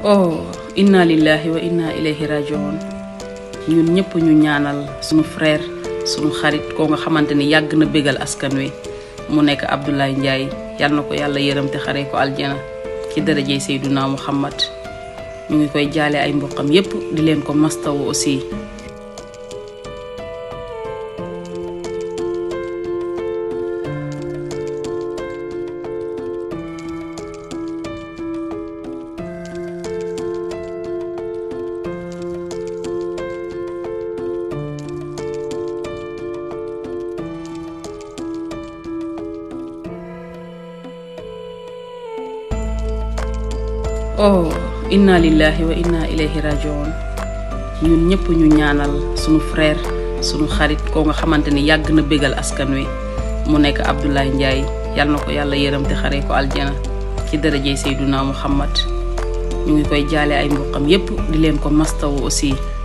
oh inna lillahi wa inna ilayhi rajiun ñun ñëpp ñu ñaanal suñu frère suñu xarit ko nga xamante ni yàgg na bégal askan wi mu nekk Abdoulaye Ndiaye yal na ko yàlla yërëm te xaree ko aljana ci dërëjey Seyduna Muhammad mu ngi koy jaale ay mboqam yépp di leen ko mastawu aussi oh inna lillahi wa inna ilayhi rajiun ñun ñëpp ñu ñaanal sumu frère sunu xarit ko nga xamante ni yàgg na bégal askan wi mu nekk Abdoulaye Ndiaye yal na ko yàlla yërëm te ko aljana ci dërëjey Seyduna Muhammad ñu ngi koy jaale ay mboqam yépp di leen ko mastawu aussi